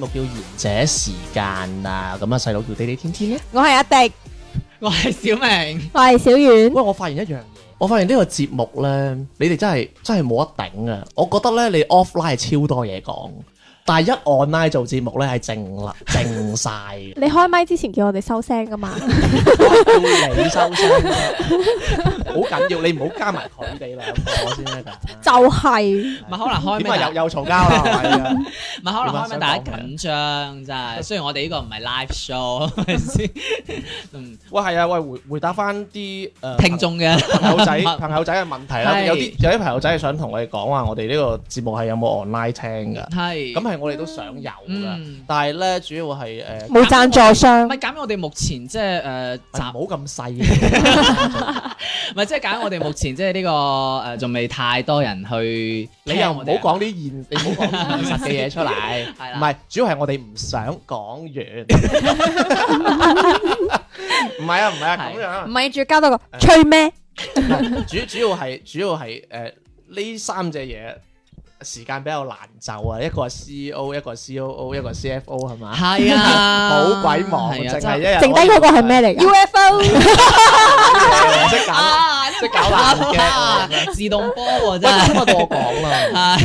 目叫賢者時間啊，咁啊細佬叫地地天天咧。我係阿迪，我係小明，我係小遠。喂，我發現一樣嘢，我發現呢個節目咧，你哋真係真係冇得頂啊！我覺得咧，你 offline 係超多嘢講，但係一 online 做節目咧係靜啦，靜晒。 你開麥之前叫我哋收聲噶嘛？要 你收聲。 好緊要，你唔好加埋佢哋啦。我先咩噶？就係咪可能開咩？點解又又嘈交啦？係啊，咪可能開咩？大家緊張真係。雖然我哋呢個唔係 live show，係咪先？嗯，喂，係啊，喂，回回答翻啲誒聽眾嘅朋友仔、朋友仔嘅問題啦。有啲有啲朋友仔係想同我哋講話，我哋呢個節目係有冇 online 聽㗎？係咁係我哋都想有㗎，但係咧主要係誒冇贊助商，咪減咗我哋目前即係誒暫冇咁細。即係揀我哋目前即係呢、呢個誒，仲、呃、未太多人去。你又唔好講啲言，啊、你好講現實嘅嘢出嚟。係 啦，唔係主要係我哋唔想講完。唔 係 啊，唔係啊，咁 樣。唔係，仲要加多個吹咩？主要主要係主要係誒呢三隻嘢。時間比較難就啊，一個係 CEO，一個係 COO，一個係 CFO，係嘛？係啊，好鬼忙，淨係一日。剩低嗰個係咩嚟？UFO，唔識搞，識搞爛機，自動波喎真係。今日我講啦，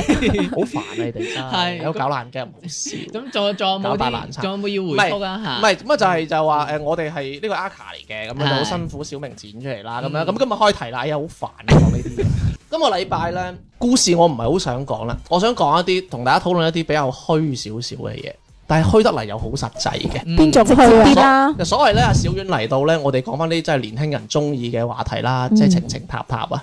好煩啊你哋。真，有搞爛機冇事。咁仲仲冇啲，仲冇要回復啊嚇？唔係，唔係，咁啊就係就話誒，我哋係呢個 a r 嚟嘅，咁啊好辛苦，小明剪出嚟啦，咁樣咁今日開題啦，哎呀好煩啊講呢啲。今個禮拜呢，故事我唔係好想講啦，我想講一啲同大家討論一啲比較虛少少嘅嘢，但係虛得嚟又好實際嘅。邊、嗯、種虛啲啦？所謂阿小婉嚟到呢，我哋講翻啲真係年輕人中意嘅話題啦，即係情情塔塔啊，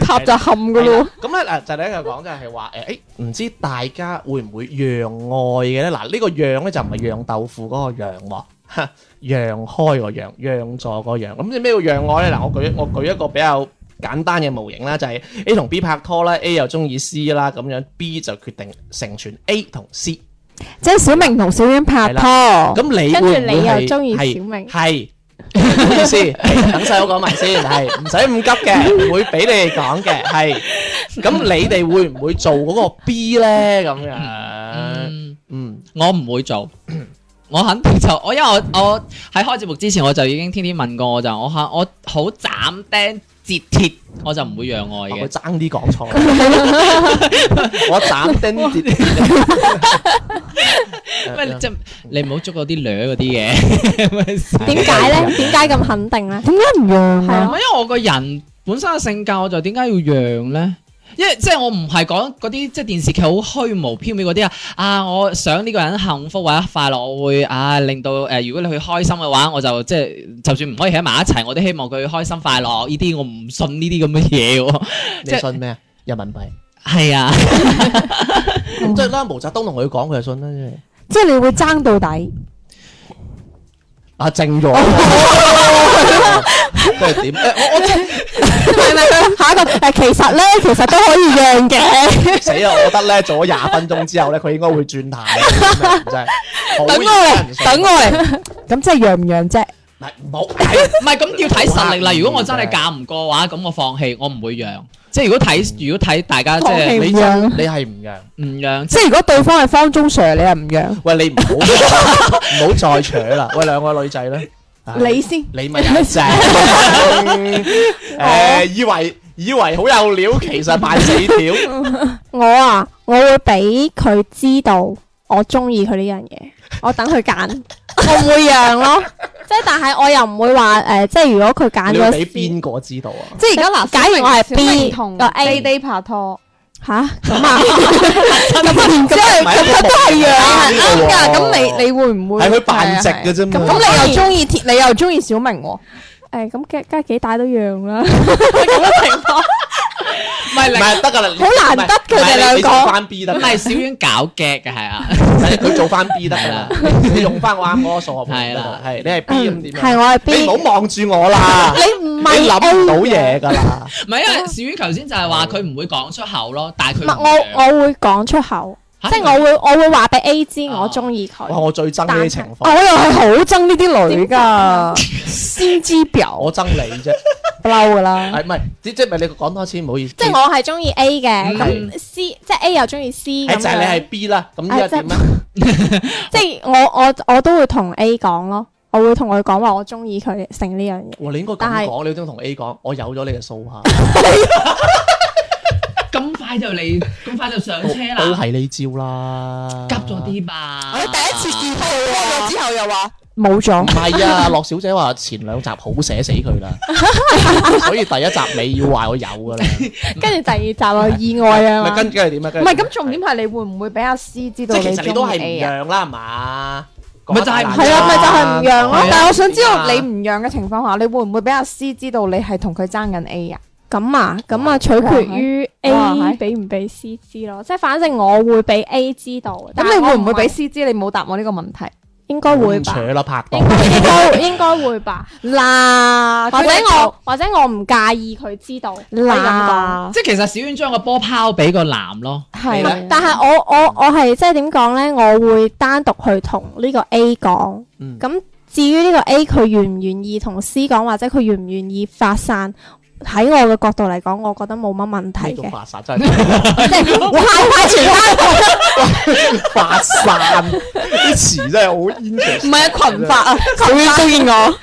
塔就冚噶咯。咁咧嗱，就第一個講就係話誒，誒唔知大家會唔會讓愛嘅呢？嗱，呢個讓呢，就唔係讓豆腐嗰個讓，哈，讓開個讓，讓座個讓。咁你咩叫讓愛呢？嗱，我舉我舉一個比較。簡單嘅模型啦，就係 A 同 B 拍拖啦，A 又中意 C 啦，咁樣 B 就決定成全 A 同 C，即係小明同小英拍拖咁，跟住你又中意小明？你會唔會係？係？係。唔好意思，等曬我講埋先，係唔使咁急嘅，會俾你哋講嘅係。咁你哋會唔會做嗰個 B 呢？咁樣嗯，我唔會做，我肯定就，我因為我我喺開節目之前我就已經天天問過，我就我嚇我好斬釘截鐵我就唔會讓愛嘅，我爭啲講錯，我斬釘截鐵。喂你唔好捉過啲女嗰啲嘢，點解咧？點解咁肯定咧？點解唔讓、啊？唔係是、啊、因為我個人本身嘅性格，我就點解要讓咧？因為即係我唔係講嗰啲即係電視劇好虛無縹緲嗰啲啊！啊，我想呢個人幸福或者快樂，我會啊令到誒、呃，如果你去開心嘅話，我就即係就算唔可以喺埋一齊，我都希望佢開心快樂。呢啲我唔信呢啲咁嘅嘢。 你們、嗯、信咩啊？人民幣係是啊，咁即係啦，毛澤東同佢講，佢就信啦，即係。即係你會爭到底？阿靜咗，即係點？誒、哦哦哦哦哎，我我。啊啊啊啊 係咪啊？ 下一個誒，其實咧，其實都可以讓嘅。死啦！我覺得咧，做咗廿分鐘之後咧，佢應該會轉態。 真係等我嚟，等我嚟。咁即係讓唔讓啫？唔係冇，唔係咁要睇實力啦。如果我真係嫁唔過嘅話，咁我放棄，我唔會讓。即係如果睇，嗯、如果睇大家即係你你係唔讓？唔讓。讓即係如果對方係方中 Sir，你係唔讓，喂讓？ 喂，你唔好唔好再扯啦！喂，兩個女仔咧。哎、你先，你咪正，誒、嗯呃、以為以為好有料，其實賣死條。我啊，我會俾佢知道我中意佢呢樣嘢，我等佢揀，我唔會讓咯。即係但係我又唔會話，誒、呃、即係如果佢揀咗，要俾邊個知道啊？即係而家嗱，假如我係 B 同 A D 拍拖。吓咁啊！咁都係，都係樣啱噶。咁你你會唔會係佢扮直嘅啫？咁你又中意鐵？你又中意小明？誒，咁梗係幾大都樣啦，咁嘅情況。唔係，得噶啦！好難得佢哋兩個翻 B 得，唔係小冤搞腳嘅係啊，佢做翻 B 得噶啦，你用翻我阿哥數學盤啦，係你係 B 咁點？係我係 B。你唔好望住我啦！你唔係你諗唔到嘢噶啦！唔係因為小冤頭先就係話佢唔會講出口咯，但係佢唔係我，我會講出口，即係我會我會話俾 A 知我中意佢。我最憎呢啲情況，我又係好憎呢啲女噶心機婊。我憎你啫。嬲噶啦，係唔係？即係唔係你講多次唔好意思。即係我係中意 A 嘅，咁 C 即係 A 又中意 C 咁。就係你係 B 啦，咁而家點咧？即係我我我都會同 A 講咯，我會同佢講話我中意佢成呢樣嘢。你應該咁講，你都同 A 講，我有咗你嘅數下。咁快就嚟，咁快就上車啦！都係你招啦，急咗啲吧？我第一次拖咗之後又話。冇咗，唔係啊！駱小姐話前兩集好寫死佢啦，所以第一集你要話我有噶啦。跟住第二集咯，意外啊嘛，咪跟住係點啊？唔係咁，重點係你會唔會俾阿 C 知道你中意 A 啊？即係其實都係唔讓啦，係嘛？咪就係，係啊，咪就係唔讓咯。但係我想知道你唔讓嘅情況下，你會唔會俾阿 C 知道你係同佢爭緊 A 啊？咁啊咁啊，取決於 A 俾唔俾 C 知咯。即係反正我會俾 A 知道。咁你會唔會俾 C 知？你冇答我呢個問題。應該會吧，應該該 會吧嗱， 啦或者我或者我唔介意佢知道啦。即係其實小娟將個波拋俾個男咯，係的但係我我我係即係點講呢？我會單獨去同呢個 A 講。咁、嗯、至於呢個 A 佢願唔願意同 C 講，或者佢願唔願意發散？喺我嘅角度嚟講，我覺得冇乜問題嘅。你仲發散真係，我朋友圈啦。發散啲詞真係好煙塵。唔係啊，群發啊，佢中意我，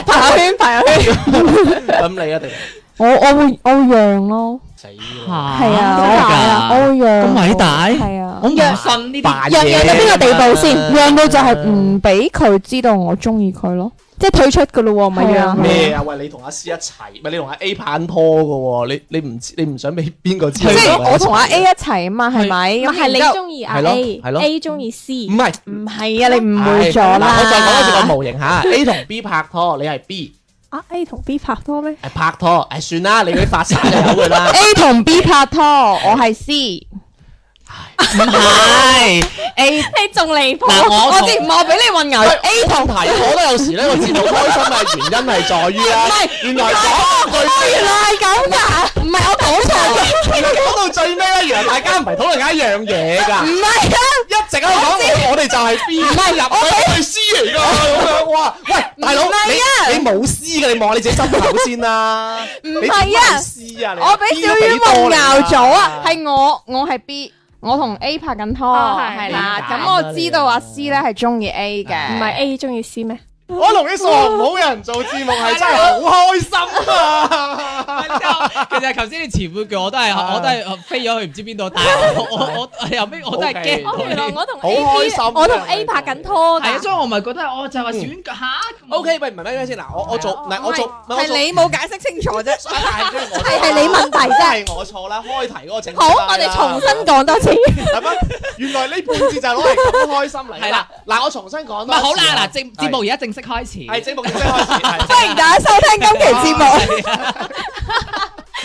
朋友圈朋友圈。咁你一定，我我會我會讓咯。死，係啊，我會讓。咁偉大？係啊，我讓信啲，讓讓到邊個地步先？讓到就係唔俾佢知道我中意佢咯。即係退出噶咯，咪呀咩啊？喂，你同阿 C 一齊唔係？你同阿 A 拍拖噶，你你唔知你唔想俾邊個知？即係我同阿 A 一齊啊嘛，係咪？咁係你中意阿 A，係咯，A 中意 C，唔係唔係啊？你誤會咗啦！我再講一次個模型吓，A 同 B 拍拖，你係 B。啊 A 同 B 拍拖咩？係拍拖，哎算啦，你啲發散就好噶啦。A 同 B 拍拖，我係 C。唔係 A，你仲離譜。我我我唔好俾你混淆 A 同題。我都有時咧，我最開心嘅原因係在於啊。唔係，原來我原來係咁噶。唔係我討論。講到最尾咧，原來大家唔係討論緊一樣嘢噶。唔係啊，一直喺度講我，我哋就係 B。唔係入，我係 C 嚟噶咁樣。哇，喂，大佬，你你冇 C 嘅，你望下你自己心口先啦。唔係啊，C 啊，我俾小雨混淆咗啊，係我，我係 B。我同 A 拍緊拖啊，係啦，咁、啊、我知道阿 C 咧係中意 A 嘅，唔係 A 中意 C 咩？ 我同你講唔好人做節目係真係好開心。 其實頭先啲詞會句我都係，我都係飛咗去唔知邊度，但係我我我後尾我都係驚。原來我同 A 拍緊拖。係啊，所以我咪覺得，我就係話選嚇。O K，喂，唔係咩先嗱，我我做嗱，我做係你冇解釋清楚啫，係係你問題啫，係我錯啦。開題嗰個情好，我哋重新講多次。係原來呢半節就攞嚟咁開心嚟。係啦，嗱，我重新講啦。好啦，嗱，節目而家正式開始。係節目正式開始，歡迎大家收聽今期節目。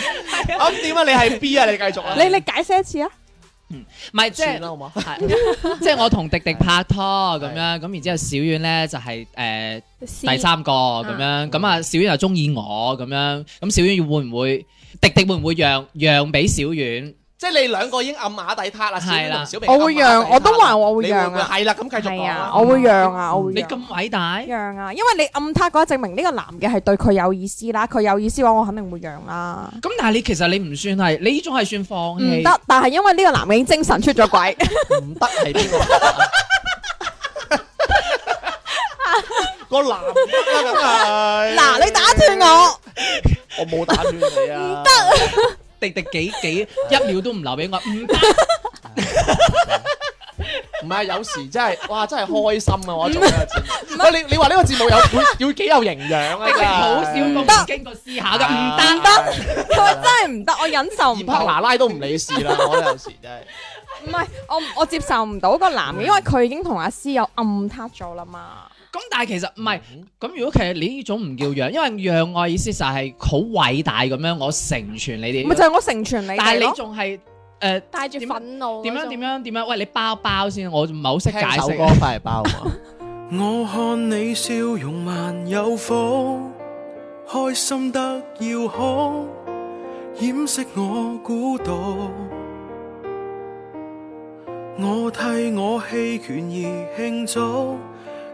咁點 啊，啊？你係 B 啊？你繼續啊！你你解釋一次啊？嗯，唔係即係啦，好唔好？係 即係我同迪迪拍拖咁樣，咁的然之後小遠咧就係、是、誒、呃、C? 第三個咁、啊、樣，咁啊小遠又中意我咁樣，咁小遠會唔會迪迪、嗯、會唔會讓讓俾小遠？即係你兩個已經暗啞底撻啦，小明。我會讓，我都話我會讓㗎。係啦，咁繼續講。我會讓啊，我會讓。你咁偉大？讓啊，因為你暗撻嗰陣證明呢個男嘅係對佢有意思啦。佢有意思嘅話，我肯定會讓啦。咁但係你其實你唔算係，你呢種係算放棄。唔得，但係因為呢個男人已經精神出咗軌。唔得係邊個？個男嘅嗱，你打斷我。我冇打斷你啊。唔得。滴滴幾幾一秒都唔留俾我，唔得，唔係啊！有時真係，哇，真係開心啊！我做呢個節目，唔你你話呢個節目有要幾有營養啊？好少得經過思考噶，唔得，佢真係唔得，我忍受唔到。二拍牙拉都唔理事啦，我有時真係。唔係我我接受唔到個男嘅，因為佢已經同阿詩有暗撻咗啦嘛。咁但係其實唔係，咁如果其實你呢種唔叫讓，因為讓愛意思就係好偉大咁樣，我成全你哋。咪就係我成全你，但係你仲係誒，帶住憤怒，點樣點樣點樣？喂，你包包先，我唔係好識解釋。聽首歌快嚟包。我看你笑容萬有福，開心得要哭，掩飾我孤獨。我替我棄權而慶祝。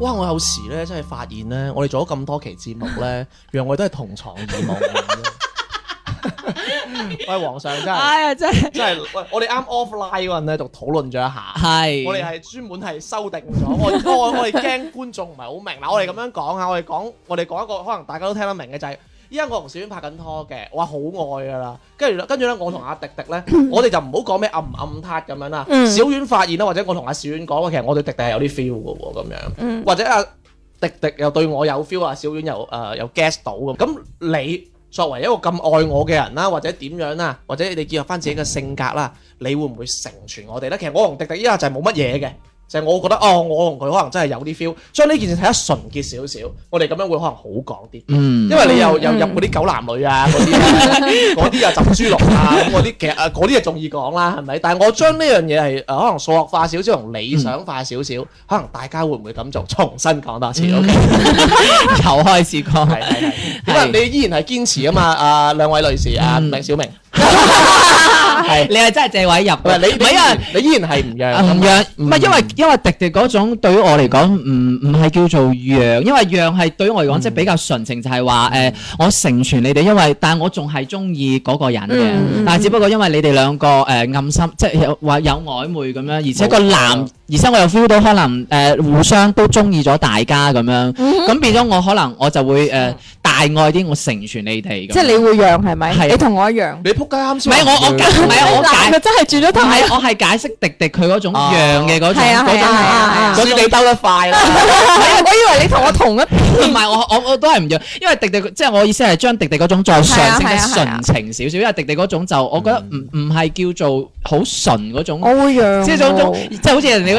哇！我有時咧，真係發現咧，我哋做咗咁多期節目咧，原來我哋都係同床異夢。 喂，皇上真係、哎、真係，真是 喂，我哋啱 offline 嗰陣咧，就討論咗一下。係，我哋係專門係修訂咗。我我我係驚觀眾唔係好明，嗱， 我哋咁樣講下，我哋講，我哋講一個可能大家都聽得明嘅就係、是。依家我同小苑拍緊拖嘅，我話好愛㗎啦，跟住咧，跟住咧，我同阿迪迪咧，我哋就唔好講咩暗唔暗撻咁樣啦。 小苑發現啦，或者我同阿小苑講，其實我對迪迪係有啲 feel 嘅喎，咁樣或者阿迪迪又對我有 feel 啊，小苑又誒又、呃、guess 到咁。咁你作為一個咁愛我嘅人啦，或者點樣啦，或者你哋結合翻自己嘅性格啦，你會唔會成全我哋咧？其實我同迪迪依家就係冇乜嘢嘅。就係我覺得哦，我同佢可能真係有啲 feel，將呢件事睇得純潔少少，我哋咁樣會可能好講啲。嗯，因為你又又入嗰啲狗男女啊，嗰啲嗰啲又浸豬籠啊，咁啲其實嗰啲就仲易講啦，係咪？但係我將呢樣嘢係可能數學化少少，同理想化少少，嗯、可能大家會唔會咁做？重新講多次，OK？嗯、又開始講，係係係，可能你依然係堅持啊嘛，啊兩位女士啊，啊小明小明。 係，你係真係借位入嘅。你，唔係啊，你依然係唔讓，唔讓。唔係因為因為迪迪嗰種對於我嚟講，唔唔係叫做讓，因為讓係對於我嚟講即係比較純情，就係話誒我成全你哋，因為但係我仲係中意嗰個人嘅。但係只不過因為你哋兩個誒暗心，即係有話有曖昧咁樣，而且個男。而且我又 feel 到可能誒互相都中意咗大家咁樣，咁變咗我可能我就會誒大愛啲，我成全你哋。即係你會讓係咪？你同我一樣，你仆街啱先。唔係，我我解唔係，我解，佢真係轉咗頭。我係解釋迪迪佢嗰種讓嘅嗰種嗰種係，嗰種你兜得快啦。我以為你同我同一邊。唔係我我我都係唔讓，因為迪迪即係我意思係將迪迪嗰種再上升得純情少少，因為迪迪嗰種就我覺得唔唔係叫做好純嗰種。我會讓，即係種種即係好似人哋。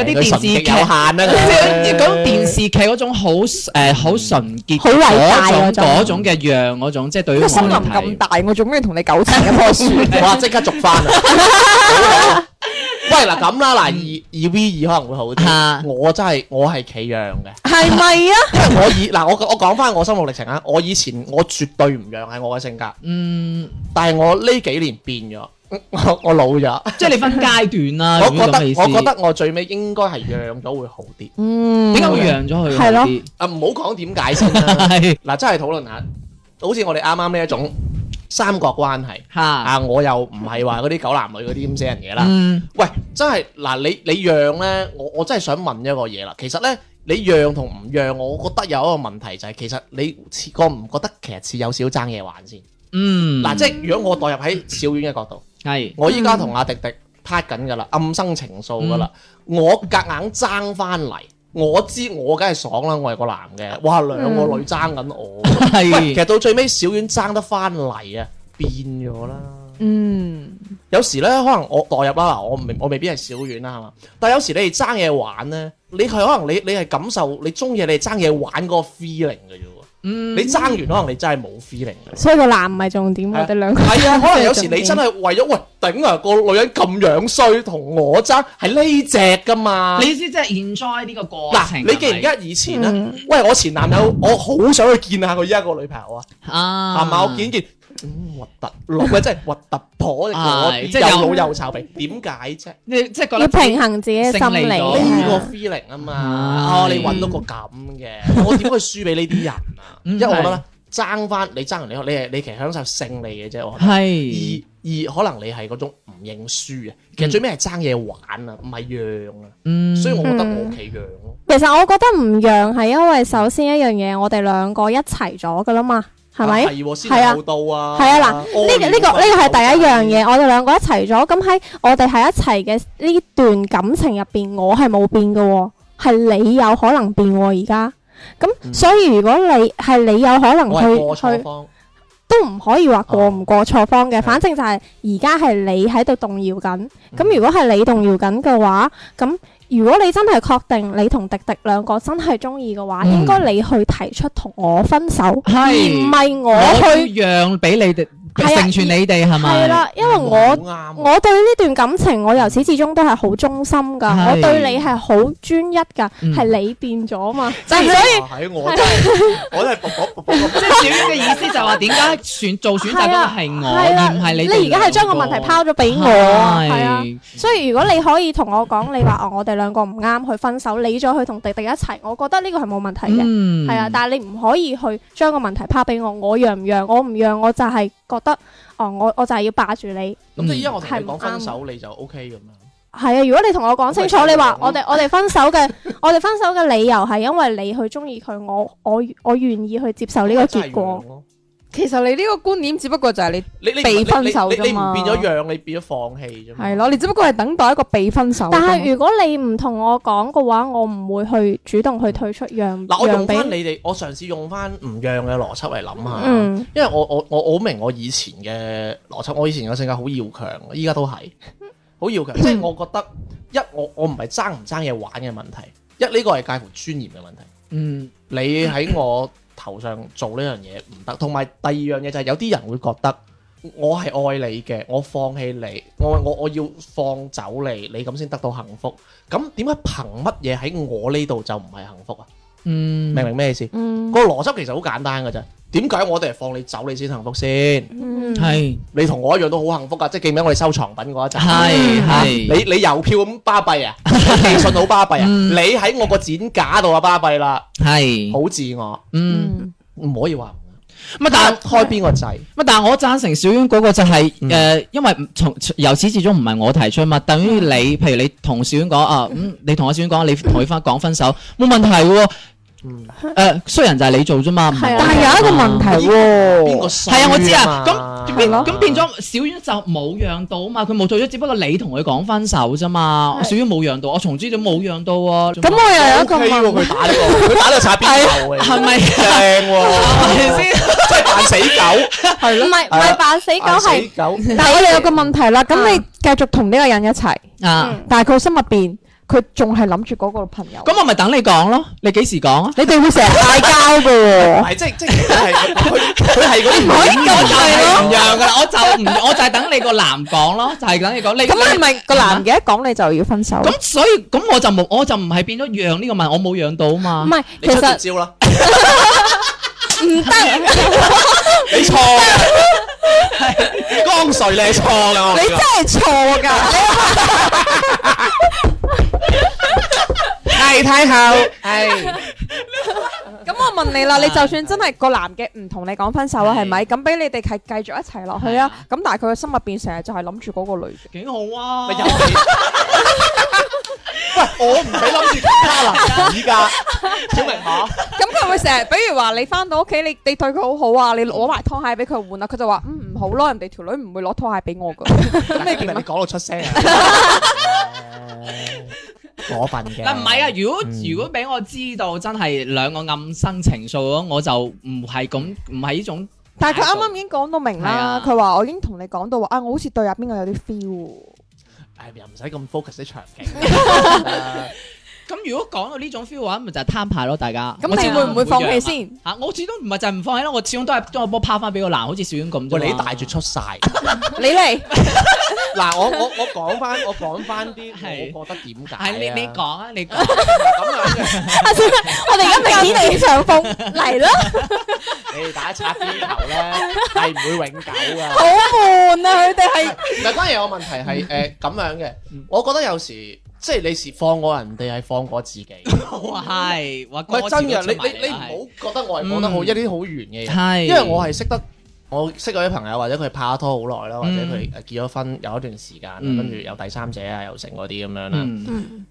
啲電視劇咧，啲電視劇嗰種好誒好純潔，好偉大嗰種嘅讓嗰種，即係對於森林咁大，我做咩同你糾纏一棵樹？哇！即刻續翻啊！喂嗱，咁啦嗱，二二 V 二可能會好啲。我真係我係企讓嘅，係咪啊？因為我以嗱我我講翻我心路歷程啊！我以前我絕對唔讓係我嘅性格，嗯，但係我呢幾年變咗。我我老咗，即係你分階段啦。我覺得我覺得我最尾應該係讓咗會好啲。嗯，點解會讓咗佢？係咯，啊唔好講點解先啦。嗱，真係討論下，好似我哋啱啱呢一種三角關係。吓啊，我又唔係話嗰啲狗男女嗰啲咁死人嘢啦。嗯。喂，真係嗱，你你讓呢，我我真係想問一個嘢啦。其實呢，你讓同唔讓，我覺得有一個問題就係，其實你覺唔覺得其實似有少爭嘢玩先。嗯。嗱，即係如果我代入喺小婉嘅角度。係，是我依家同阿迪迪拍緊噶啦，暗生情愫噶啦，嗯、我夾硬爭翻嚟，我知我梗係爽啦，我係個男嘅，哇，兩個女爭緊我，係、嗯，其實到最尾小遠爭得翻嚟啊，變咗啦，嗯，有時咧可能我代入啦，我唔我未必係小遠啦係嘛，但係有時你哋爭嘢玩咧，你係可能你你係感受你中意你哋爭嘢玩嗰個 feeling 嘅啫。嗯，你爭完可能你真係冇 feeling，所以個男唔係重點啊，我哋兩個係啊，可能有時你真係為咗喂頂啊個女人咁樣衰同我爭係呢隻噶嘛，你意思即係 enjoy 呢個過程？嗱、啊，你既然而家以前咧，嗯、喂我前男友，嗯、我好想去見下佢依家個女朋友啊，係嘛，我見見。咁核突，老嘅真係核突婆，即係 又老又臭皮，點解啫？ 你即係覺得要平衡自己嘅心理、啊。呢個 feeling 啊嘛？哦、啊哎啊，你搵到個咁嘅，我點會輸俾呢啲人啊？ 因為我覺得是爭翻你爭人，你你係你其實享受勝利嘅啫，我係二二可能你係嗰種唔認輸啊。嗯、其實最尾係爭嘢玩啊，唔係讓啊。所以我覺得我企讓咯。其實我覺得唔讓係因為首先一樣嘢，我哋兩個一齊咗噶啦嘛。係咪？係啊，嗱，呢個呢個呢個係第一樣嘢。我哋兩個一齊咗，咁喺我哋喺一齊嘅呢段感情入邊，我係冇變嘅，係你有可能變喎。而家咁，所以如果你係你有可能去去，都唔可以話過唔過錯方嘅。反正就係而家係你喺度動搖緊。咁如果係你動搖緊嘅話，咁。如果你真係確定你同迪迪兩個真係中意嘅話，嗯、應該你去提出同我分手，是而唔係我去我讓俾你哋。成全你哋係咪？係啦，因為我我對呢段感情，我由始至終都係好忠心噶，我對你係好專一噶，係你變咗嘛？所以喺我真我都係博博博博。即係小英嘅意思就係話，點解選做選擇咁係我，而唔係你？你而家係將個問題拋咗俾我啊？係啊，所以如果你可以同我講，你話哦，我哋兩個唔啱去分手，你再去同迪迪一齊，我覺得呢個係冇問題嘅，係啊。但係你唔可以去將個問題拋俾我，我讓唔讓？我唔讓我就係。覺得哦，我我就係要霸住你，咁、嗯、即係依家我同你講分手，你就 O K 咁樣。係啊，如果你同我講清楚，你話我哋我哋分手嘅， 我哋分手嘅理由係因為你去中意佢，我我我願意去接受呢個結果。其實你呢個觀點只不過就係你你被分手，你唔變咗讓，你變咗放棄啫。係咯，你只不過係等待一個被分手。但係如果你唔同我講嘅話，我唔會去主動去退出讓。嗯啊、我用翻你哋，我嘗試用翻唔讓嘅邏輯嚟諗下，嗯、因為我我我我好明我以前嘅邏輯，我以前嘅性格好要強，依家都係好要強，嗯、即係我覺得一我我唔係爭唔爭嘢玩嘅問題，一呢、呢個係介乎尊嚴嘅問題。嗯，你喺我。頭上做呢樣嘢唔得，同埋第二樣嘢就係有啲人會覺得我係愛你嘅，我放棄你，我我我要放走你，你咁先得到幸福。咁點解憑乜嘢喺我呢度就唔係幸福啊？嗯，明唔明咩意思？嗯，個邏輯其實好簡單嘅啫。點解我哋係放你走，你先幸福先？嗯，係。你同我一樣都好幸福噶，即係記唔得我哋收藏品嗰一陣？係係。你你郵票咁巴閉啊？寄信好巴閉啊？你喺我個展架度啊，巴閉啦。係。好自我。嗯，唔可以話唔。乜但係開邊個掣？乜但係我讚成小婉嗰個就係誒，因為從由始至終唔係我提出嘛。等於你，譬如你同小婉講啊，咁你同阿小婉講，你同佢返講分手，冇問題嘅。嗯，誒，衰人就係你做啫嘛，但係有一個問題喎。係啊，我知啊，咁變咁變咗小丸就冇讓到嘛，佢冇做咗，只不過你同佢講分手啫嘛。小丸冇讓到，我從之都冇讓到，咁我又有一個佢打你個，佢打你擦邊球嘅，係咪正？係咪先？即係扮死狗，係咯，唔係唔係扮死狗，係，但係我哋有個問題啦，咁你繼續同呢個人一齊，但係佢心入邊。佢仲係諗住嗰個朋友。咁我咪等你講咯，你幾時講？你哋會成日嗌交嘅喎。係即係即係，佢佢係嗰啲唔肯我又唔讓噶啦，我就唔我就係等你個男講咯，就係等你講。咁你咪個男嘅一講你就要分手。咁所以咁我就冇，我就唔係變咗讓呢個問，我冇讓到嘛。唔係，你出招啦。唔得，你錯嘅。剛才你係錯㗎，你真係錯㗎。係太后，係。咁我問你啦，你就算真係個男嘅唔同你講分手啦，係咪？咁俾你哋係繼續一齊落去？係啊。咁但係佢嘅心入邊成日就係諗住嗰個女嘅。幾好啊！喂，我唔係諗住其他男㗎，小明吓？咁佢會成日，比如話你翻到屋企，你你對佢好好啊，你攞埋拖鞋俾佢換啊，佢就話嗯唔好咯，人哋條女唔會攞拖鞋俾我噶。咁你點解講到出聲啊？我份嘅，但唔係啊！如果如果俾我知道，真係兩個暗生情愫咯，我就唔係咁，唔係呢種。但係佢啱啱已經講到明啦，佢話、啊、我已經同你講到啊，我好似對入邊個有啲 feel、啊。誒、嗯，又唔使咁 focus 啲場景。 咁如果講到呢種 feel 嘅話，咪就係攤牌咯，大家。咁你會唔會放棄先？嚇，我始終唔係先就係唔放棄咯，我始終都係將個波拋翻俾個男，好似小丸咁。你大住出晒， 你嚟來。嗱， 我我我講翻，我講翻啲，我，我，我覺得點解？係你你講 啊，你講。咁樣嘅，我哋而家明顯上風，嚟啦！ 你打擦邊球咧，係唔會永久㗎。好 悶啊！佢哋係。嗱， 係，關於我問題係誒咁樣嘅， 我覺得有時。即係你放過人哋，係放過自己。係 哇，喂、嗯，真嘅，哇你你你唔好覺得我講得好、嗯、一啲好遠嘅嘢。因為我係識得是我識嗰啲朋友，或者佢拍咗拖好耐啦，或者佢結咗婚，有一段時間，跟住、嗯、有第三者啊，又成嗰啲咁樣啦。咁、嗯嗯、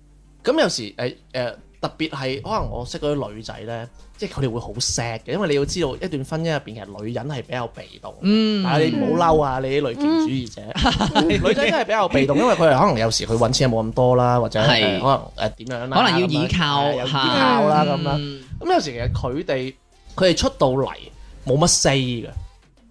有時誒誒、呃，特別係可能我識嗰啲女仔呢。即係佢哋會好 sad 嘅，因為你要知道一段婚姻入邊其實女人係比較被動，但係你唔好嬲啊！你啲女權主義者，女仔真係比較被動，因為佢哋可能有時佢揾錢冇咁多啦，或者可能誒點樣啦，可能要依靠，依靠啦咁啦。咁有時其實佢哋佢哋出到嚟冇乜西嘅，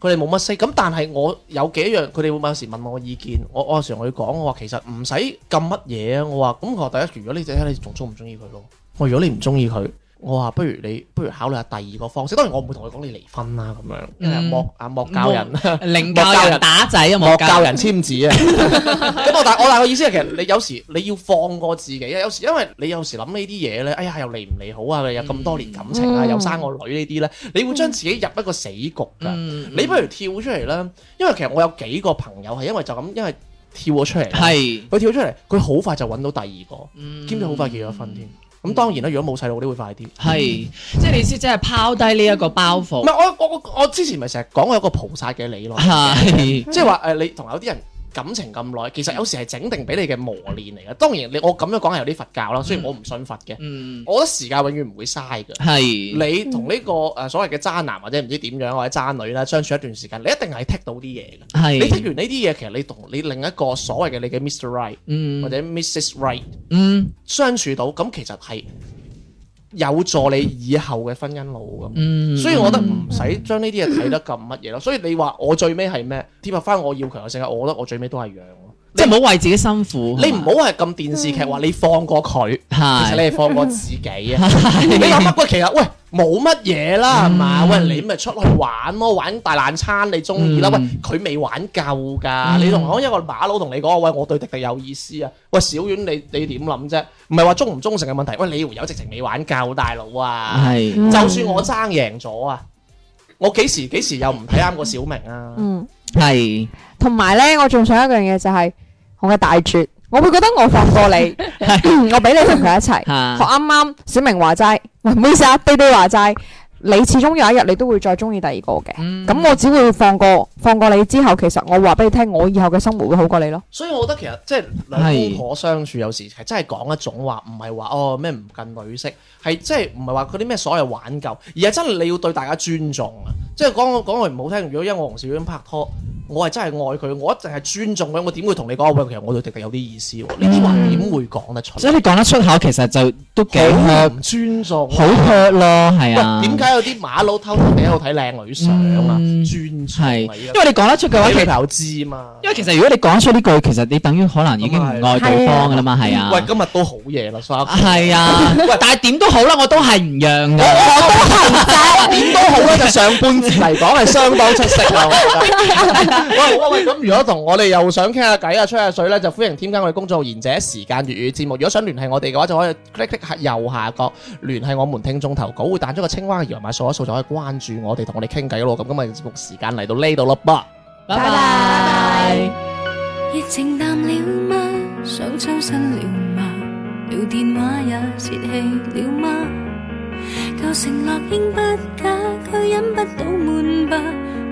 佢哋冇乜西。咁但係我有幾樣，佢哋會有時問我意見。我我有時同佢講，我話其實唔使咁乜嘢啊。我話咁我第一，如果呢隻你仲中唔中意佢咯？我如果你唔中意佢。我話不如你不如考慮下第二個方式，當然我唔會同佢講你離婚啦咁樣，嗯、啊莫啊莫教人，莫教人打仔啊，莫教人簽字啊。咁 我但係我但係個意思係其實你有時你要放過自己，有時因為你有時諗呢啲嘢咧，哎呀又離唔離好啊，又咁多年感情啊，嗯、又生個女呢啲咧，嗯、你會將自己入一個死局噶。嗯嗯、你不如跳出嚟啦，因為其實我有幾個朋友係因為就咁，因為跳咗出嚟，係佢跳出嚟，佢好快就搵到第二個，兼且好快結咗婚添。咁、嗯、當然啦，如果冇細路啲會快啲，係是，嗯、即你意思即係拋低呢一個包袱。唔係、嗯，我我我我之前咪成日講過一個菩薩嘅理論，係是，嗯、即係話誒，你同有啲人感情咁耐，其實有時係整定俾你嘅磨練嚟嘅。當然，你我咁樣講係有啲佛教啦，雖然我唔信佛嘅。嗯，我覺得時間永遠唔會嘥嘅。係是，你同呢個誒所謂嘅渣男或者唔知點樣或者渣女啦，相處一段時間，你一定係 take 到啲嘢嘅。係是，你 take 完呢啲嘢，其實你同你另一個所謂嘅你嘅 Mr. Right，嗯、或者 Mrs. Right，嗯，相處到咁，嗯、其實係。有助你以後嘅婚姻路咁，嗯、所以我覺得唔使將呢啲嘢睇得咁乜嘢咯。嗯、所以你話我最尾係咩？貼合翻我要強嘅性格，我覺得我最尾都係讓咯，即係唔好為自己辛苦，你唔好係咁電視劇話、嗯、你放過佢，是其實你係放過自己啊！是 你有乜鬼其他喂？冇乜嘢啦，係嘛？喂，你咪出去玩咯，玩大懶餐你中意啦。喂，佢未玩夠㗎，你同我一個馬佬同你講，喂，我對迪迪有意思啊。喂，小丸你你點諗啫？唔係話忠唔忠誠嘅問題。喂，你有直情未玩夠，大佬啊！係，就算我爭贏咗啊，我幾時幾時又唔睇啱過小明啊？嗯，係。同埋咧，我仲想一樣嘢就係我嘅大絕。我會覺得我放過你， 我俾你同佢一齊。學啱啱小明話齋，唔好意思啊，Dee Dee 話齋，你始終有一日你都會再中意第二個嘅，咁、嗯、我只會放過放過你之後，其實我話俾你聽，我以後嘅生活會好過你咯。所以我覺得其實即係兩公婆相處有時係真係講一種話，唔係話哦咩唔近女色，係即係唔係話嗰啲咩所謂挽救，而係真係你要對大家尊重啊。即係講講句唔好聽，如果因為我同小姐拍拖。我係真係愛佢，我一定係尊重佢。我點會同你講，喂，其實我對迪迪有啲意思喎。呢啲話點會講得出？即係你講得出口，其實就都幾唔尊重，好噏咯，係啊。點解有啲馬佬偷偷地喺度睇靚女相啊？專搶啊！因為你講得出嘅話，其他朋友知嘛？因為其實如果你講得出呢句，其實你等於可能已經唔愛對方噶啦嘛，係啊。喂，今日都好夜啦，三。係啊。喂，但係點都好啦，我都係唔讓㗎。我都係唔讓。點都好咧，就上半節嚟講係相當出色咯。喂，喂喂，咁如果同我哋又想傾下偈啊，吹下水咧，就歡迎添加我哋公眾號《賢者時間粵語節目》。如果想聯繫我哋嘅話，就可以 click click 喺右下角聯繫我們。聽眾投稿會彈出個青蛙嘅二維碼，掃一掃就可以關注我哋，同我哋傾偈咯。咁今日節目時間嚟到呢度啦噃，bye bye。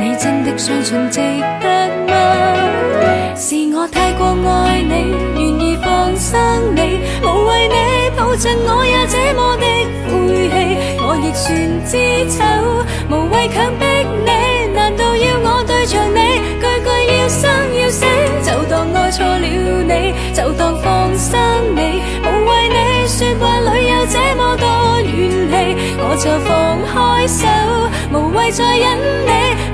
你真的相信值得嗎？是我太過愛你，願意放生你，無謂你抱著我也這麼的晦氣，我亦算知醜，無謂強迫你，難道要我對着你句句要生要死？就當愛錯了你，就當放生你，無謂你説話裏有這麼多怨氣，我就放開手，無謂再忍你。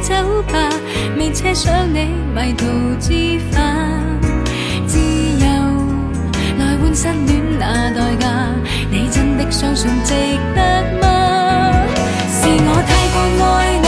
走吧，未奢想你迷途知返，自由來換失戀那代價，你真的相信值得嗎？是我太過愛你。